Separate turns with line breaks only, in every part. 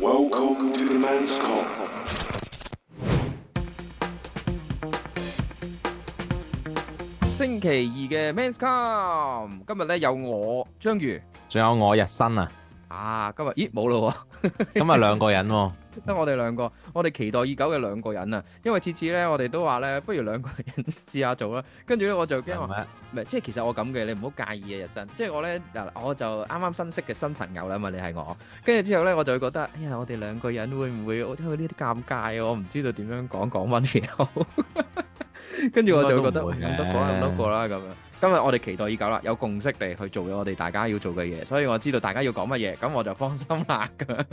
S 星期二嘅 Men's Come，今日咧有我章魚，
仲有我日新啊！
啊，今日咦
冇咯，啊、 今日兩個人、啊。
得我哋兩個，我哋期待已久嘅兩個人啊！因為次次咧，我哋都話咧，不如兩個人試下做啦。跟住咧，我就驚話，唔係嗎即係其實我咁嘅，你唔好介意啊，日新。即」即係我咧我就啱啱新識嘅新朋友啦嘛，你係我。跟住之後咧，我就會覺得，哎呀，我哋兩個人會唔會我即係呢啲尷尬？我唔知道點樣講講翻。然後跟住我就覺得，咁多講，咁多個啦咁樣。今日我哋期待已久啦，有共識嚟去做咗我哋大家要做嘅嘢，所以我知道大家要講乜嘢，咁我就放心啦。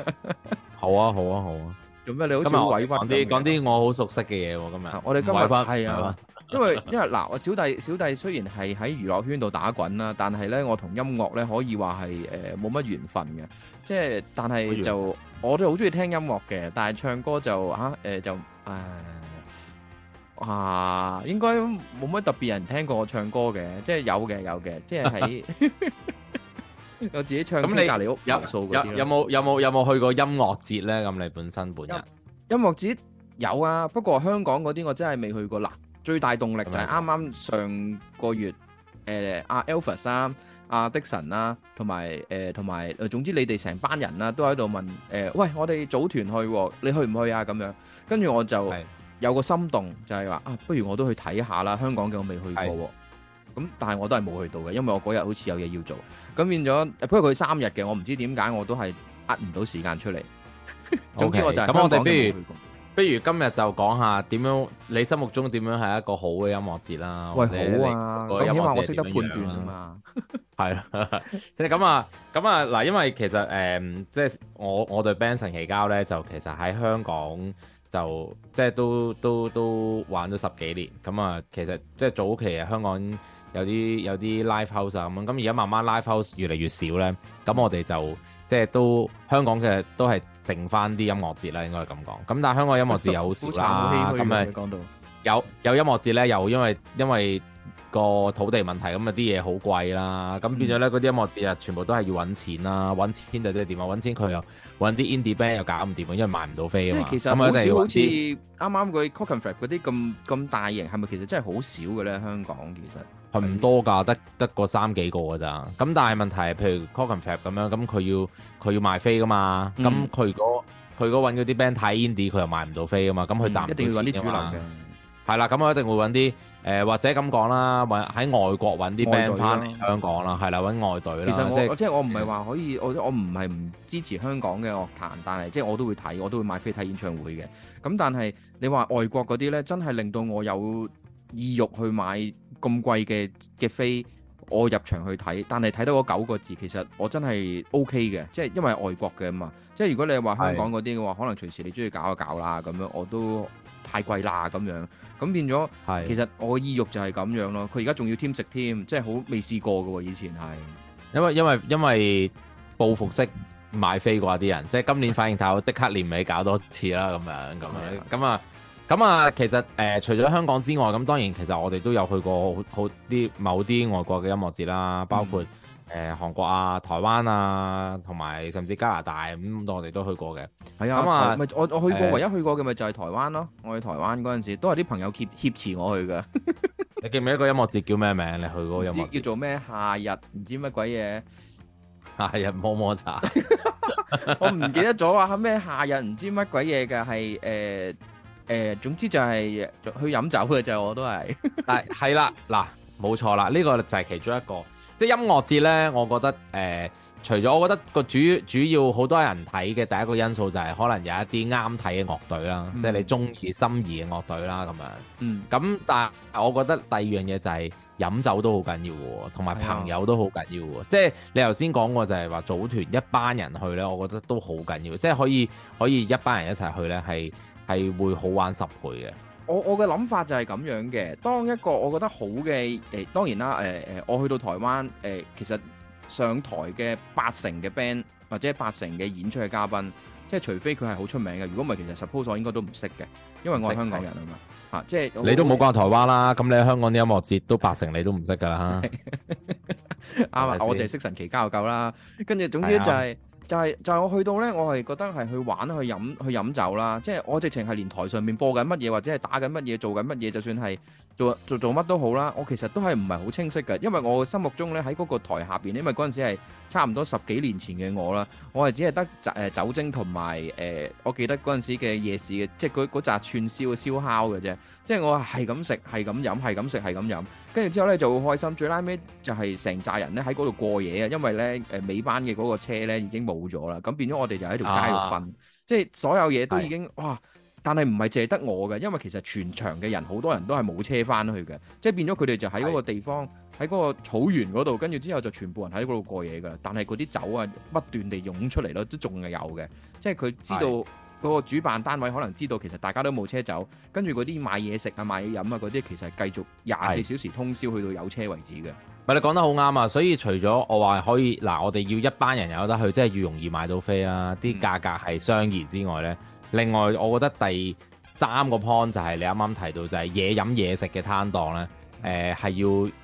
好啊好啊好啊！
做咩你好似好委屈？講啲講啲
我好熟悉嘅嘢喎，今日。我哋今日係啊，
因為因為嗱，我小弟小弟雖然係喺娛樂圈度打滾啦，但係咧我同音樂咧可以話係誒冇乜緣分嘅，即係但係就我都好中意聽音樂嘅，但係唱歌就吓誒就誒啊應該冇乜特別人聽過我唱歌嘅，即係有嘅有嘅，即係喺。有自己唱啲隔離屋，有有
冇有冇有冇去過音樂節咧？咁你本身本人
音樂節有啊，不過香港嗰啲我真係未去過。嗱，最大動力就係啱啱上個月，誒阿、欸啊、Elvis 啊、阿的神阿 Dixon 啦、同埋誒同埋總之你哋成班人啦、啊，都喺度問誒、欸，喂，我哋組團去、啊，你去唔去啊？咁樣跟住我就有個心動，的就係話啊，不如我都去睇下啦。香港嘅我未去過。咁但係我都係冇去到嘅，因為我嗰日好似有嘢要做，咁變咗不過佢三日嘅，我唔知點解我都係呃唔到時間出嚟。Okay, 總之我就咁，我哋不如
不如今日就講下點樣你心目中點樣係一個好嘅音樂節啦、啊。喂，好啊，咁起碼我識得判斷啊嘛。係啦、 嗯，即係咁啊，咁啊嗱，因為其實誒、嗯，即係我我對 band 成其交咧，就其實喺香港就即係都都都玩咗十幾年。咁、嗯、啊，其實即係早期香港。有啲有啲 live house 咁樣，咁而家慢慢 live house 越嚟越少咧，咁我哋就即係都香港嘅都係剩翻啲音樂節啦，應該係咁講。咁但係香港音樂節又好少啦，咁咪有有音樂節咧？又因為因為。個土地問題，咁啊啲嘢好貴啦，咁變咗咧嗰啲音樂節日全部都係要揾錢啦，揾錢就真係點啊，揾錢佢又揾啲 indie band 又搞唔掂，因為賣唔到飛啊嘛。其實好、嗯、少，好似
啱啱嗰啲 Clockenflap 嗰啲咁咁大型，係咪其實真係好少嘅咧？香港其實
係唔多噶，得得個三幾個㗎咋。咁但係問題係，譬如 Clockenflap 咁樣，咁佢要佢要賣飛㗎嘛。咁佢如果佢如果揾嗰啲 band 太 indie，佢又賣唔到飛啊嘛。咁佢賺、嗯嗯賺嗯、一定要揾啲主流嘅。係啦，咁我一定會揾啲誒，或者咁講啦，揾喺外國揾啲 band 翻嚟香港啦，係啦，嗯，揾外隊啦。其實我、就是、即係我唔係話
可以，我我唔係唔支持香港嘅樂壇，但係即係我都會睇，我都會買飛睇演唱會嘅。咁但係你話外國嗰啲咧，真係令到我有意欲去買咁貴嘅嘅飛，我入場去睇，但係睇到嗰九個字，其實我真係 OK 嘅，即係因為外國嘅啊嘛。即係如果你話香港嗰啲嘅話，的可能隨時你中意搞一搞啦，咁樣我都。太貴啦咁樣，咁變咗，是其實我嘅意欲就係咁樣咯。佢而家仲要添食添，即係好未試過嘅喎。以前係，
因為因為因為報復式買飛過啲人，即係今年反應大，我即刻年尾搞多次啦，咁樣咁樣咁啊，咁啊的，其實誒、呃，除咗香港之外，咁當然其實我哋都有去過好啲某啲外國嘅音樂節啦，包括。嗯誒，韓國啊，台灣啊，同埋甚至加拿
大咁，嗯、我哋都去過嘅。係啊，咁啊是，咪我我去過唯一去過嘅咪就係台灣咯。我去台灣嗰陣時，都係啲朋友挾脅持我去嘅。你
記唔記得個音樂節叫咩名？你去嗰個音樂節叫
做咩？夏日唔知乜鬼嘢，
夏
日摸摸茶。 我唔記得咗啊，咩夏日唔知乜鬼嘢嘅係誒誒，uh, uh, 總之就係去飲酒嘅就我都係， 但係係啦嗱，冇錯啦，呢個就
係其中一個。即係音樂節呢，我覺得誒、呃，除咗我覺得個主主要好多人睇嘅第一個因素就係可能有一啲啱睇嘅樂隊啦，嗯、即係你中意心儀嘅樂隊啦，咁樣。嗯。咁但係我覺得第二樣嘢就係飲酒都好緊要喎，同埋朋友都好緊要喎。嗯、即係你頭先講過就係話組團一班人去呢，我覺得都好緊要，即係可以可以一班人一齊去呢，係係會好玩十倍
嘅。我我嘅諗法就係咁樣嘅，當一個我覺得好嘅誒，當然啦誒誒、呃呃，我去到台灣誒、呃，其實上台嘅八成嘅 band 或者八成嘅演出嘅嘉賓，即係除非佢係好出名嘅，如果唔係，其實 suppose 應該都唔識嘅，因為我係香港人識啊嘛，吓即係你都冇關
台灣啦，咁你喺香港啲音樂節都八成你都唔識噶啦，
啱啊，我淨係識神奇交就夠啦，跟住總之就係。就係就係我去到呢，我係覺得係去玩、去飲、去飲酒啦。即係我直情係連台上面播緊乜嘢，或者係打緊乜嘢、做緊乜嘢，就算係做做乜都好啦。我其實都係唔係好清晰嘅，因為我心目中呢，喺嗰個台下邊，因為嗰陣時係差唔多十幾年前嘅我啦，我係只係得酒精同埋誒，我記得嗰陣時嘅夜市嘅，即係嗰嗰紮串燒、燒烤嘅啫。即係我係咁食，係咁飲，係咁食，係咁飲。跟住之後呢，就好開心。最拉尾就係成扎人呢喺嗰度過夜啊！因為呢誒尾班嘅嗰個車呢已經冇咗啦，咁變咗我哋就喺條街度瞓。啊、即係所有嘢都已經是的 哇！但係唔係淨係得我嘅，因為其實全場嘅人好多人都係冇車翻去嘅。即係變咗佢哋就喺嗰個地方喺嗰是的 個草原嗰度，跟住之後就全部人喺嗰度過夜噶啦。但係嗰啲酒啊不斷地湧出嚟咯，都仲係有嘅。即係佢知道。嗰個主辦單位可能知道，其實大家都冇車走，跟住嗰啲買嘢食啊、買嘢飲啊嗰啲，其實係繼續廿四小時通宵去到有車為止嘅。
喂，你講得好啱啊！所以除咗我話可以嗱，我哋要一班人有得去，即係要容易買到飛啦，啲價格係相宜之外呢，嗯、另外我覺得第三個 point 就係你啱啱提到就係嘢飲嘢食嘅攤檔呢。誒係、呃、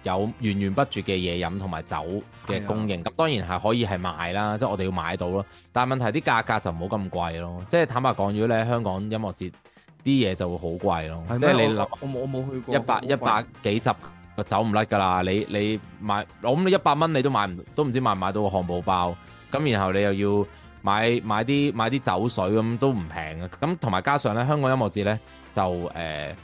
要有源源不絕嘅嘢飲同埋酒嘅供應，咁的當然係可以係買啦，即、就、係、是、我哋要買到咯。但係問題啲價格就唔好咁貴咯，即係坦白講，如果咧香港音樂節啲嘢就會好貴咯。嗎即係你諗，
我冇去過一百一百
幾十個走唔甩㗎啦，你你買我諗你一百蚊你都買唔都唔知買唔買到個漢堡包，咁然後你又要買買啲買啲酒水咁都唔平嘅，咁同埋加上咧香港音樂節咧就誒、呃、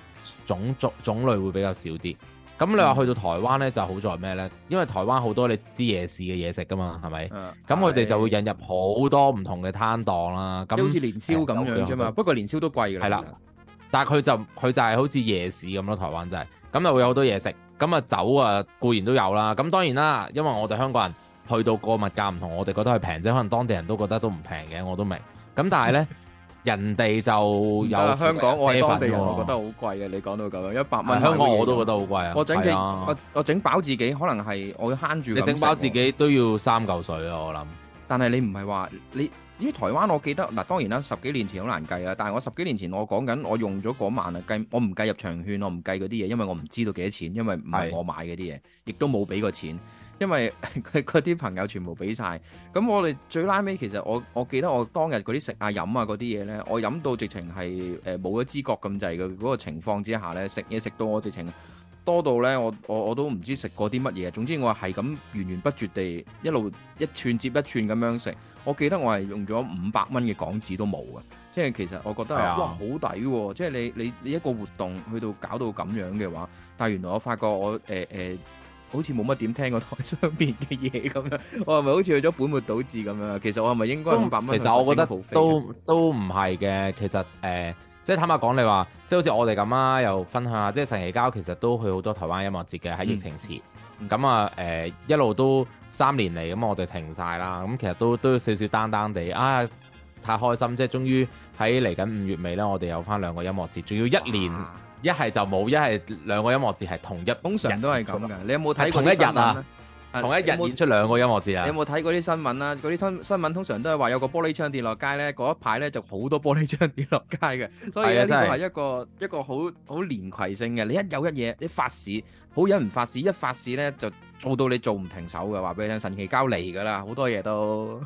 種族種類會比較少啲。咁你話去到台灣呢，就好在咩呢？因為台灣好多你知夜市嘅嘢食㗎嘛，係咪？咁佢哋就會引入好多唔同嘅攤檔啦。咁好似年宵咁樣啫嘛，嗯嗯嗯嗯嗯、不過年宵都貴啦。係啦了，實但係佢就佢就係好似夜市咁咯，台灣就係、是、咁就會有好多嘢食。咁啊酒啊固然都有啦。咁當然啦，因為我哋香港人去到個物價唔同，我哋覺得係平啫。可能當地人都覺得都唔平嘅，我都明。咁但係呢。 人哋就有、啊、香港，我係當地人，我覺得
好貴嘅。你講到咁樣，一百蚊香港我都覺得好貴做做啊！我整，我我整飽自己，可能係我要慳住。你整飽自己都要三嚿水啊！我諗，但係你唔係話你。因為台灣，我記得嗱，當然啦，十幾年前好難計啦。但係我十幾年前我講緊，我用咗嗰萬啊計，我唔計入場券，我唔計嗰啲嘢，因為我唔知道幾多錢，因為唔係我買嗰啲嘢，是亦都冇俾過錢，因為佢啲 朋友全部俾晒。咁我哋最拉尾，其實我我記得我當日嗰啲食啊飲啊嗰啲嘢呢，我飲到直情係誒冇咗知覺咁滯嘅嗰個情況之下呢，食嘢食到我直情。多到咧，我我我都唔知食過啲乜嘢。總之我係咁源源不絕地一路一串接一串咁樣食。我記得我係用咗五百蚊嘅港紙都冇啊，即係其實我覺得係哇好抵喎！即係你你你一個活動去到搞到咁樣嘅話，但係原來我發覺我誒誒、呃呃、好似冇乜點聽過台上面嘅嘢咁樣，我係咪好似去咗本末倒置咁樣啊？其實我係咪應該五百蚊？其實我覺得都
都唔係嘅，其實誒。呃即係坦白講，你話即係好似我哋咁啊，又分享下，即係成奇交其實都去好多台灣音樂節嘅喺、嗯、疫情時。咁啊誒，一路都三年嚟，咁、嗯、我哋停晒啦。咁其實都都少少單單地啊，太開心！即係終於喺嚟緊五月尾咧，我哋有翻兩個音樂節，仲要一年一係哇就冇，一係兩個音樂節係同一，通常都係咁嘅。你有冇睇過一日啊？
同一日演出
兩個音樂節啊！有冇
睇過啲新聞啦、啊？嗰啲新新聞通常都係話有個玻璃窗跌落街呢，嗰一排呢就好多玻璃窗跌落街嘅。所以呢個係 的一個 一個好好連攜性嘅。你一有一嘢，你發事，好癮唔發事，一發事呢就做到你做唔停手嘅。話俾你聽，神奇交嚟㗎喇，好多嘢都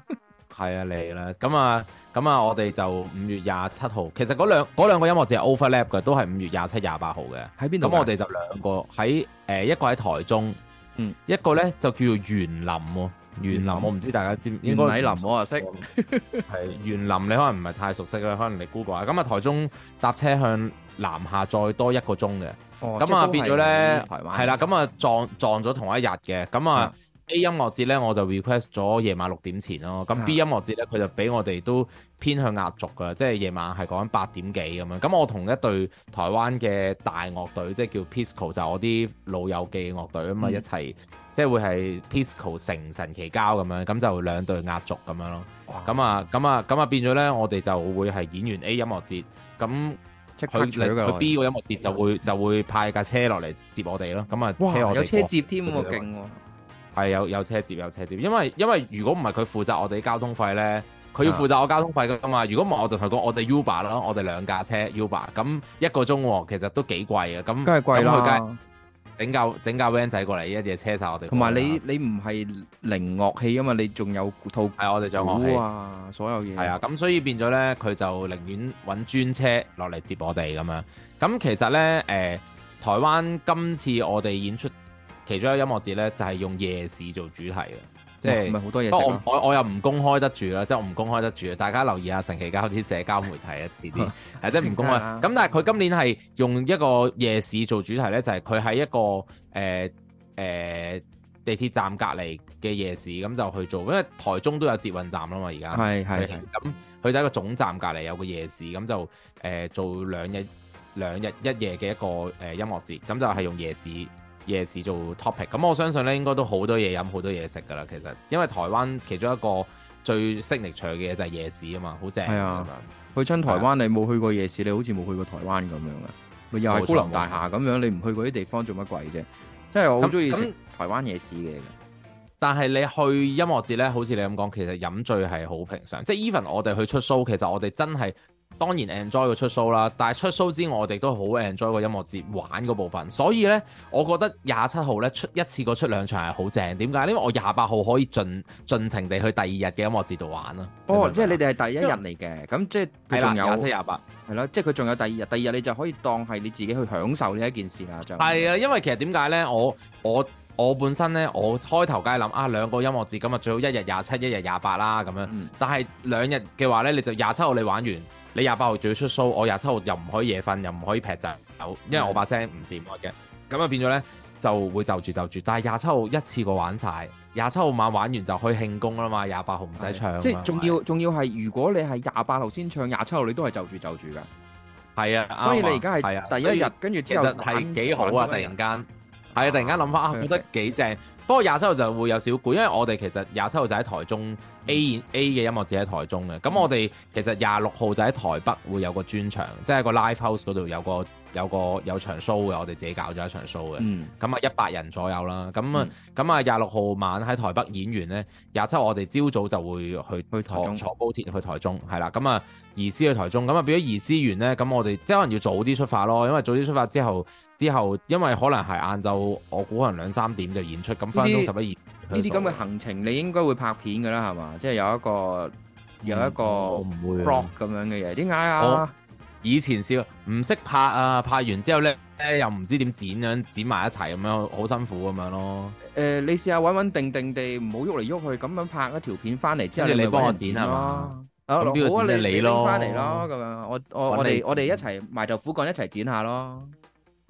係啊嚟啦。
咁啊咁啊，我哋就五月廿七號。其實嗰兩嗰個音樂節係 overlap 嘅，都係五月廿七、廿八號嘅。喺邊度？咁我哋就兩個喺誒一個喺台中。嗯，一個咧就叫做、哦「園林喎，園林我唔知大家知唔知園林我啊識，係園 林你可能唔係太熟悉啦，可能你 Google o o 咁啊台中搭車向南下再多一個鐘嘅，咁啊、哦嗯、變咗咧係啦，咁啊、嗯、撞撞咗同一日嘅，咁、嗯、啊。嗯 A 音樂節咧，我就 request 咗夜晚六點前咯。咁 B 音樂節咧，佢就俾我哋都偏向壓軸㗎，即係夜晚係講緊八點幾咁樣。咁我同一隊台灣嘅大樂隊，即係叫 Pisco，就我啲老友記樂隊啊嘛，一齊、嗯、即係會係 Pisco 成神奇交咁樣。咁就兩隊壓軸咁樣咯。咁哇啊，咁啊，咁啊，變咗咧，我哋就會係演完 A 音樂節，咁佢佢 B 個音樂節就會的就會派架車落嚟接我哋咯。咁啊，哇，有車接添喎吧，勁喎、哦！係有有車接有車接，因為因為如果唔係佢負責我哋交通費咧，佢要負責我交通費嘅嘛。如果唔係我就同佢講，我哋 Uber 啦，我哋兩架車 Uber，咁一個鐘、哦、其實都幾貴嘅。咁梗係貴啦，整架整架 van 仔過嚟一隻車晒我哋。同埋你
你唔係零樂器，因為你仲有套、啊、
我哋掌樂器，所有嘢。係啊，咁所以變咗咧，佢就寧願揾專車落嚟接我哋咁樣。咁其實咧，誒、呃，台灣今次我哋演出。其中一個音樂節咧，就係、是、用夜市做主題嘅，即係唔係好多嘢食我我，我又唔公開得住啦，即係我唔公開得住。大家留意下，神奇家好似社交媒體啊啲啲，或者唔公開啊。咁 但係佢今年係用一個夜市做主題咧，就係佢喺一個誒誒、呃呃、地鐵站隔離嘅夜市，咁就去做。因為台中都有捷運站啦嘛，而家係係係咁，佢 就喺個總站隔離有個夜市，咁就誒、呃、做兩日兩日一夜嘅一個誒音樂節，咁就係用夜市。夜市做 topic，咁我相信呢應該都好多嘢飲，好多嘢食噶啦。其實，因為台灣其中一個最 signature 嘅嘢就係夜
市啊嘛，好正。係啊，吧去親台灣、啊、你冇去過夜市，你好似冇去過台灣咁樣啊。又係高樓大廈咁錯樣，你唔去嗰啲地方做乜鬼啫？即係我好中意食台灣夜市
嘅。但係你去音樂節呢，好似你咁講，其實飲醉係好平常。即係 even 我哋去出 show，其實我哋真係。當然 enjoy 個出 show 啦，但係出 show 之外，我哋都好 enjoy 個音樂節玩嗰部分。所以呢，我覺得廿七號呢出一次過出兩場係好正。點解？因為我廿八號可以盡盡情地去第二日嘅音樂節度玩啦。哦，係咪即
係你哋係第一日嚟嘅？咁因為即係係啦，廿七廿八係咯，即係佢仲有第二日，第二日你就可以當係你自己去享受呢一件事啦。就係
啊，因為其實點解呢？我我我本身呢，我開頭梗係諗啊，兩個音樂節噉咪最好一日廿七，一日廿八啦咁樣。嗯，但係兩日嘅話呢，你就廿七號你玩完。你廿八號仲要出 show，我廿七號又唔可以夜瞓，又唔可以劈酒，好，因為我把聲唔掂我嘅，咁啊變咗咧就會就住就住，但係廿七號一次過玩晒，廿七號晚玩完就可以慶功啦嘛，廿八號唔使唱，即係仲要仲要係如
果你係廿八號先唱，廿七號你都係就住就住噶，
係啊，所以你而家係第一日跟住之後，其實係幾好啊，突然間，係啊，突然間諗翻啊，覺得幾正，不過廿七號就會有少攰，因為我哋其實廿七號就喺台中。A A 嘅音樂節喺台中嘅，咁我哋其實廿六號就喺台北會有個專場，即係個 live house 嗰度有個有個有場 show 嘅，我哋自己搞咗一場 show 嘅。嗯，咁啊一百人左右啦，咁啊咁啊廿六號晚喺台北演完呢，廿七我哋朝早就會去去台中坐高鐵去台中，係啦，咁啊移師去台中，咁啊變咗移師完呢，咁我哋即係可能要早啲出發咯，因為早啲出發之後之後，因為可能係晏晝，我估可能兩三點就演出，咁分鐘十一二。
呢啲咁嘅行程，你應該會拍片噶啦，係嘛？即係有一個有一個 Vlog 咁樣嘅嘢，點解啊？以前少，唔識拍啊！拍
完之後咧咧，又唔知點剪，樣剪埋一齊咁樣，好辛苦咁樣咯。
誒、呃，你試下穩穩定定地唔好喐嚟喐去，咁樣拍一條片翻嚟之後，後你幫我剪，啊、剪啊嘛！啊，如果那 好你拎翻嚟咯，咁樣我我你我哋我哋一齊埋頭苦幹，一齊剪一下咯。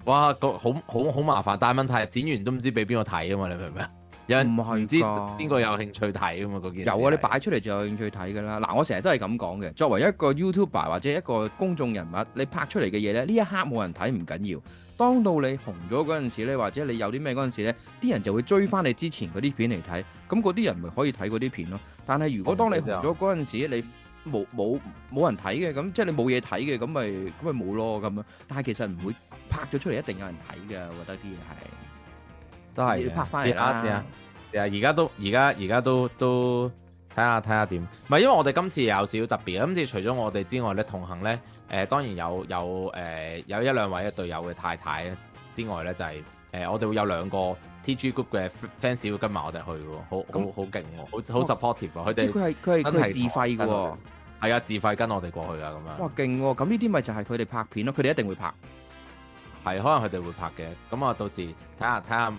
哇，
個好好好，好麻煩，但係問題剪完都唔知俾邊個睇啊嘛？你明唔明？唔係唔知邊個有興趣睇吖嘛？嗰件事有啊！你
擺出嚟就有興趣睇嘅啦。嗱、啊，我成日都係咁講嘅。作為一個 YouTuber 或者一個公眾人物，你拍出嚟嘅嘢咧，呢一刻冇人睇唔緊要。當到你紅咗嗰陣時咧，或者你有啲咩嗰陣時咧，啲人就會追翻你之前嗰啲片嚟睇。咁嗰啲人咪可以睇嗰啲片咯。但係如果當你紅咗嗰陣時，你冇冇冇人睇嘅，咁即係你冇嘢睇嘅，咁咪咁咪冇咯咁樣。但係其實唔會拍咗出嚟一定有人睇嘅，我覺得啲嘢係。都係，拍返啊，試
下試下，而家都而家而家都都睇下睇下點。唔係，因為我哋今次有少少特別啊。今次除咗我哋之外，咧同行咧，誒、呃，當然有有誒、呃、有一兩位嘅隊友嘅太太咧之外咧，就係、是、誒、呃，我哋會有兩個 TG group 嘅 fans 會跟埋我哋去嘅，好那好好勁，好好 supportive 啊。佢哋佢係佢係佢自費嘅、哦，係啊自費跟我哋過去啊咁樣。哇
勁，咁呢啲咪就係佢哋拍片咯，佢哋一定會拍。係，可能佢哋會拍嘅，咁、嗯、我到時睇下睇下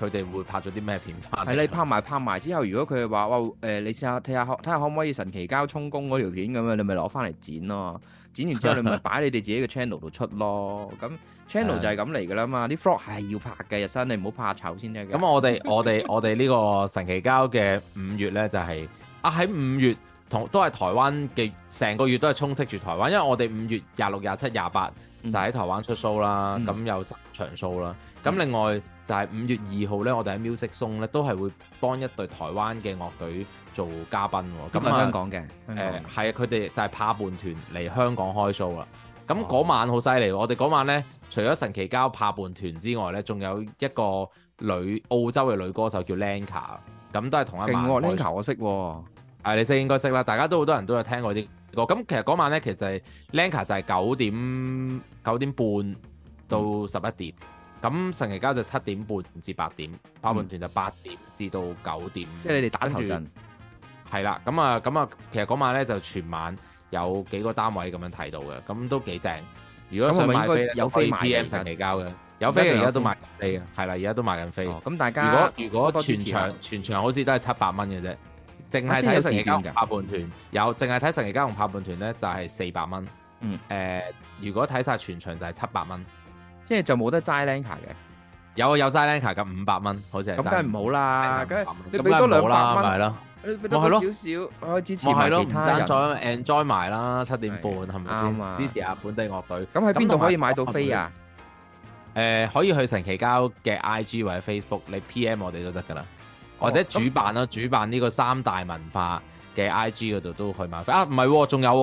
佢哋會拍咗啲咩片翻。係你拍埋拍埋之後，如果佢哋話哇，誒、呃，你試下睇下可睇下可唔可以神奇膠充公嗰條片咁啊，你咪攞翻嚟剪咯，剪完之後 你咪擺你哋自己嘅 channel 度出咯。咁 channel 就係咁嚟噶啦嘛，啲 flock 係要拍嘅，日新你唔好怕醜先得。咁我哋我哋
我哋呢個神奇膠嘅五月咧就係、是、啊喺五月同都係台灣嘅成個月都係充斥住台灣，因為我哋五月廿六廿七廿八。就喺台灣出 show 啦，咁、嗯、有十場 show 啦。咁、嗯、另外就係五月二號呢，嗯、我哋喺 Music Zone 咧都係會幫一隊台灣嘅樂隊做嘉賓喎、喔。咁係、嗯、香港嘅，誒係啊，佢哋、呃、就係怕胖團嚟香港開 show 啦。咁嗰晚好犀利，我哋嗰晚呢，除咗神奇交怕胖團之外呢，仲有一個女澳洲嘅女歌手叫 Lanka，咁、嗯、都係同一晚。啊、Lanka 我識喎、喔啊，你識應該識啦，大家都好多人都有聽過啲。咁其實嗰晚咧，其實係 Lanka 就係九點九點半到十一點，咁神奇膠就七點半至八點，八門團就八點至到九點。即係你哋打頭陣，係啦。咁啊，咁啊，其實嗰晚咧就全晚有幾個單位咁樣睇到嘅，咁都幾正。如果想買飛咧，有飛賣。神奇膠嘅有飛，而家都賣飛啊，係啦，而家都賣緊飛。咁大家如果如果全場全場好似都係七百蚊嘅啫。淨係睇神奇交嘅拍伴團有，淨係睇神奇交同拍伴團咧就係四百蚊。嗯，誒，如果睇晒全場就係七百蚊，
即係就冇得齋 link 嘅。有啊，
有齋 linker 嘅五百蚊，好似係咁，梗係唔好啦，梗係你俾多兩百蚊
咪係咯，你俾多少少，我支持埋其他人，再
enjoy 埋啦，七點半係咪先？支持下本地樂隊，
咁喺邊度可以買到飛啊？
誒，可以去神奇交嘅 IG 或者 Facebook，你 PM 我哋都得噶啦。或者主辦啦，主辦呢個三大文化嘅 I G 嗰度都去買飛啊！唔係，仲有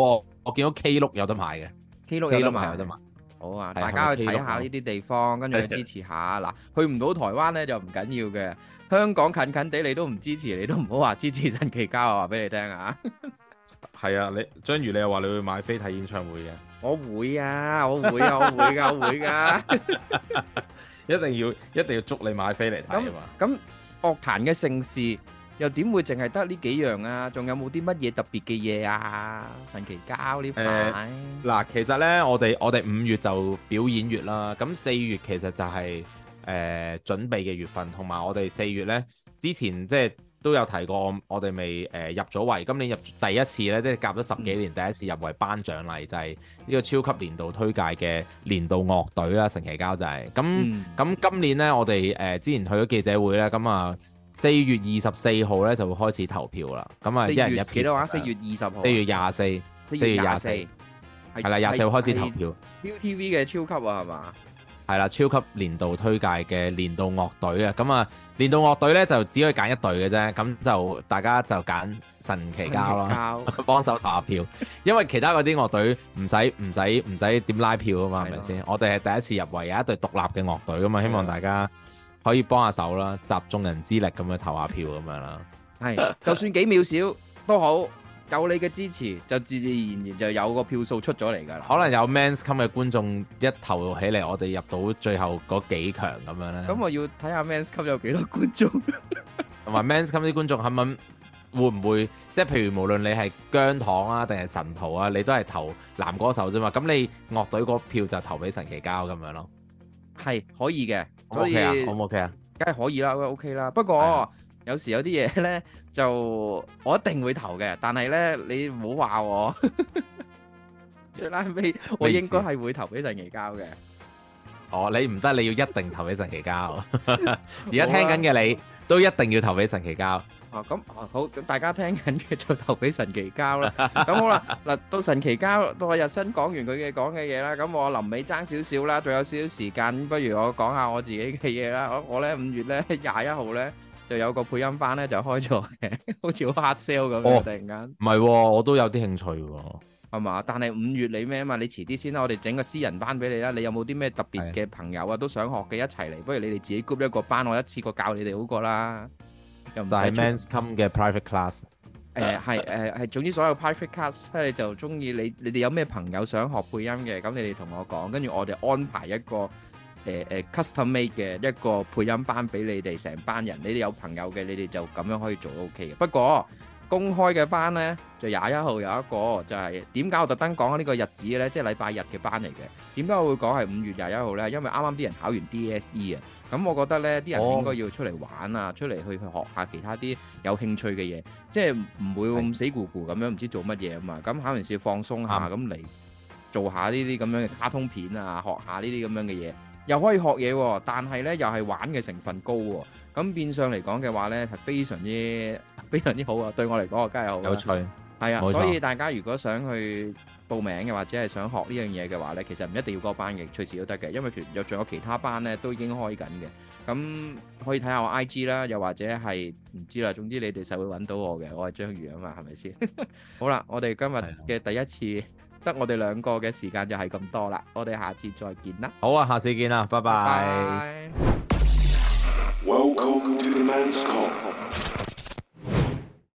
我見到 KLOOK 有得買嘅
，KLOOK 有得買，有得買。好
啊，大家去睇下呢啲
地方，跟住去支持下。嗱，去唔到台灣咧就唔緊要嘅，香港近近地你都唔支持，你都唔好話支持陳其嘉，我話俾你聽啊！係啊，
你章魚你又話你會買飛睇演唱會嘅，
我會啊，我會啊，我會噶，我會噶，一定要一定要捉你買飛嚟睇啊嘛！咁樂壇嘅盛事又點會淨係得呢幾樣啊？仲有冇啲乜嘢特別嘅嘢啊？近期交呢排
嗱，其實呢，我哋我哋五月就表演月啦，咁四月其實就係誒準備嘅月份，同埋我哋四月呢之前即係。都有提過，我我哋未誒入咗圍，今年入第一次呢，即係隔咗十幾年第一次入圍頒獎禮，嗯、就係呢個超級年度推介嘅年度樂隊啦，神奇交就係咁咁。嗯、今年呢，我哋誒、呃、之前去咗記者會咧，咁啊四月二十四號呢就會開始投票啦，咁啊一人一票幾多啊？四月二十號，四月廿四是，四月廿四
係啦，廿四號開始投票。U T V 嘅超級啊，係嘛？
係啦，超級年度推介嘅年度樂隊啊，咁啊，年度樂隊呢就只可以揀一隊嘅啫，咁就大家就揀神奇膠咯，幫 手投下票，因為其他嗰啲樂隊唔使唔使唔使點拉票啊嘛，係咪先？我哋係第一次入圍有一隊獨立嘅樂隊，啊嘛，希望大家可以幫下手啦，集眾人之力咁樣投下票咁樣啦。係的，
就算幾渺小都好。有你嘅支持，就自自然然就有個票數出咗嚟噶啦。可
能有 Men's Come 嘅觀眾一投起嚟，我哋入到最後嗰幾強咁樣咧。
咁我要睇下 Men's Come 有幾多觀眾，
同埋 Men's Come 啲觀眾肯唔肯，會唔會即係，譬如無論你係薑糖啊，定係神徒啊，你都係投男歌手啫嘛。咁你樂隊個票就投俾神奇膠咁樣
咯。係可以嘅，O K 啊，O 唔 O K 啊？梗係可以啦，O K 啦。不過。有時有啲嘢咧，就我一定會投嘅，但係咧你唔好話我 最拉尾，我應該係會投俾神奇交嘅。
哦，你唔得，你要一定投俾神奇交。而 家聽緊嘅你 都一定
要投俾神奇交。哦，咁好，好大家聽緊嘅就投俾神奇交啦。咁 好啦，嗱，到神奇交，到我日新講完佢嘅講嘅嘢啦。咁我臨尾爭少少啦，仲有少少時間，不如我講下我自己嘅嘢啦。我咧五月咧廿一號咧，就有個配音班咧，就開咗嘅，好似好 hard sell 咁啊。突然間，唔係，我都有啲興趣喎，係嘛？但係五月你咩啊嘛？你遲啲先啦，我哋整個私人班俾你啦。你有冇啲咩特別嘅朋友啊？都想學嘅一齊嚟，不如你哋自己 group 一個班，我一次過教你哋好過啦。又唔係。Men's
Come 嘅 private class。
誒係誒係，總之所有 private class，即係就中意你你哋有咩朋友想學配音嘅，咁你哋同我講，跟住我哋安排一個。誒誒、呃，custom made 嘅一個配音班俾你哋成班人。你哋有朋友嘅，你哋就咁樣可以做 O K 嘅。不過公開嘅班呢，就廿一號有一個，就係點解我特登講呢個日子呢？即係禮拜日嘅班嚟嘅。點解我會講係五月廿一號呢？因為啱啱啲人考完 D S E 啊，咁我覺得呢啲人應該要出嚟玩啊，oh. 出嚟去去學下其他啲有興趣嘅嘢，即係唔會咁死咕咕咁樣，唔知做乜嘢啊嘛。咁考完試放鬆下，咁嚟做下呢啲咁樣嘅卡通片啊，學下呢啲咁樣嘅嘢。又可以學嘢喎、啊，但係咧又係玩嘅成分高喎、啊，咁變相嚟講嘅話咧係非常之非常之好啊！對我嚟講好、啊，我梗係有趣，係啊，錯所以大家如果想去報名嘅，或者係想學呢樣嘢嘅話咧，其實唔一定要嗰班嘅，隨時都得嘅，因為其實仲有其他班咧都已經開緊嘅，咁可以睇下我 IG 啦，又或者係唔知啦，總之你哋實會揾到我嘅，我係章魚啊嘛，係咪先？ 好啦，我哋今日嘅第一次。得我哋兩個嘅時間就係咁多啦，我哋下次再見啦。好啊，
下次見啦，拜拜 bye。Bye
bye